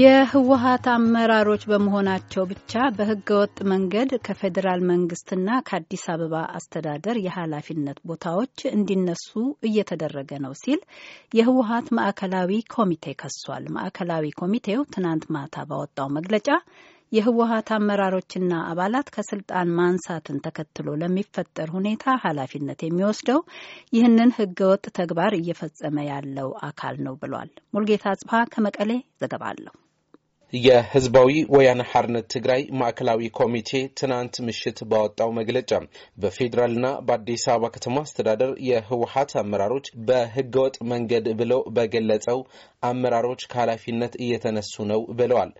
የህወሀት አመራሮች በመሆናቸው ብቻ በህገወጥ መንገድ ከፌዴራል መንግስትና ከአዲስ አበባ አስተዳደር የኃላፊነት ቦታዎች እንዲነሱ እየተደረገ ነው ሲል የህወሀት ማዕከላዊ ኮሚቴ ከሷል። ማዕከላዊ ኮሚቴው ትናንት ማታ ባወጣው መግለጫ የህወሀት አመራሮችና አባላት ከስልጣን ማንሳትን ተከትሎ ለሚፈጠር ሁኔታ ኃላፊነት የሚወስደው ይህንን ህገወጥ ተግባር እየፈጸመ ያለው አካል ነው ብሏል። ሙልጌታ ጽፋ ከመቀሌ ዘገባ አለው። የህዝባዊ ወያነ ሐርነት ትግራይ ማዕከላዊ ኮሚቴ ትናንት ምሽት ባወጣው መግለጫ በፌዴራልና በአዲስ አበባ ከተማ አስተዳደር የህወሀት አመራሮች በህገወጥ መንገድ ብለው በገለጸው አመራሮች ከኃላፊነት እየተነሱ ነው ብለዋል።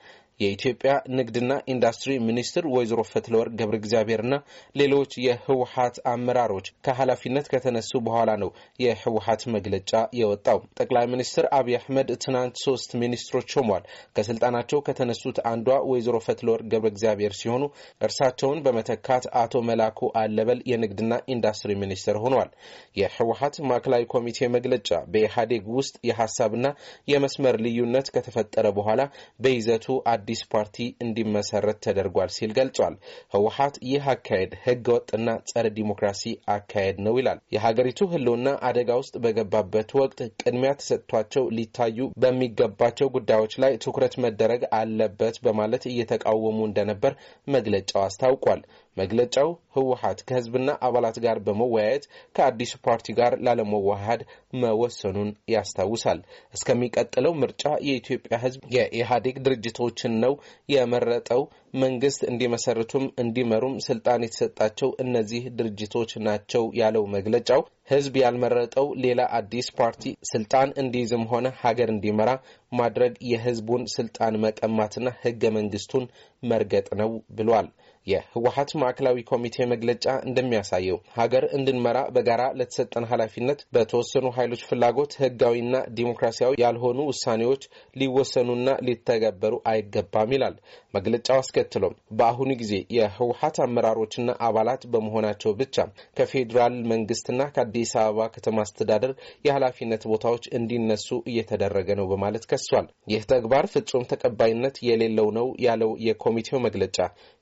የኢትዮጵያ ንግድና ኢንዱስትሪ ሚኒስትር ወይዘሮ ፈትለወርቅ ገብረ እግዚአብሔርና ሌሎች የህወሀት አመራሮች ከኃላፊነት ከተነሱ በኋላ ነው የህወሀት መግለጫ የወጣው። ጠቅላይ ሚኒስትር አብይ አህመድ ትናንት ሶስት ሚኒስትሮች ሾሟል። ከስልጣናቸው ከተነሱት አንዷ ወይዘሮ ፈትለወርቅ ገብረ እግዚአብሔር ሲሆኑ እርሳቸውን በመተካት አቶ መላኩ አለበል የንግድና ኢንዱስትሪ ሚኒስትር ሆኗል። የህወሀት ማዕከላዊ ኮሚቴ መግለጫ በኢህአዴግ ውስጥ የሀሳብና የመስመር ልዩነት ከተፈጠረ በኋላ በይዘቱ አዲስ አዲስ ፓርቲ እንዲመሰረት ተደርጓል ሲል ገልጿል። ህወሀት ይህ አካሄድ ህገ ወጥና ጸረ ዲሞክራሲ አካሄድ ነው ይላል። የሀገሪቱ ህልውና አደጋ ውስጥ በገባበት ወቅት ቅድሚያ ተሰጥቷቸው ሊታዩ በሚገባቸው ጉዳዮች ላይ ትኩረት መደረግ አለበት በማለት እየተቃወሙ እንደነበር መግለጫው አስታውቋል። መግለጫው ህወሀት ከህዝብና አባላት ጋር በመወያየት ከአዲሱ ፓርቲ ጋር ላለመዋሃድ መወሰኑን ያስታውሳል። እስከሚቀጥለው ምርጫ የኢትዮጵያ ህዝብ የኢህአዴግ ድርጅቶችን ነው የመረጠው መንግስት እንዲመሰርቱም እንዲመሩም ስልጣን የተሰጣቸው እነዚህ ድርጅቶች ናቸው ያለው መግለጫው ህዝብ ያልመረጠው ሌላ አዲስ ፓርቲ ስልጣን እንዲይዝም ሆነ ሀገር እንዲመራ ማድረግ የህዝቡን ስልጣን መቀማትና ህገ መንግስቱን መርገጥ ነው ብሏል። የህወሀት ማዕከላዊ ኮሚቴ መግለጫ እንደሚያሳየው ሀገር እንድንመራ በጋራ ለተሰጠን ኃላፊነት በተወሰኑ ኃይሎች ፍላጎት ህጋዊና ዲሞክራሲያዊ ያልሆኑ ውሳኔዎች ሊወሰኑና ሊተገበሩ አይገባም ይላል መግለጫው። ተከትሎም በአሁኑ ጊዜ የህወሀት አመራሮችና አባላት በመሆናቸው ብቻ ከፌዴራል መንግስትና ከአዲስ አበባ ከተማ አስተዳደር የኃላፊነት ቦታዎች እንዲነሱ እየተደረገ ነው በማለት ከሷል። ይህ ተግባር ፍጹም ተቀባይነት የሌለው ነው ያለው የኮሚቴው መግለጫ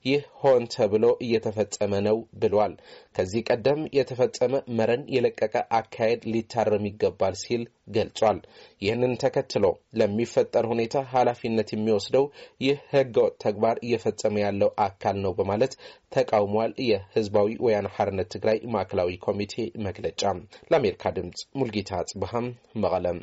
ይህ ሆን ተብሎ እየተፈጸመ ነው ብሏል። ከዚህ ቀደም የተፈጸመ መረን የለቀቀ አካሄድ ሊታረም ይገባል ሲል ገልጿል። ይህንን ተከትሎ ለሚፈጠር ሁኔታ ኃላፊነት የሚወስደው ይህ ህገወጥ ተግባር እየፈጸመ ያለው አካል ነው በማለት ተቃውሟል። የህዝባዊ ወያነ ሓርነት ትግራይ ማዕከላዊ ኮሚቴ መግለጫ። ለአሜሪካ ድምፅ ሙልጌታ አጽብሃም መቀለም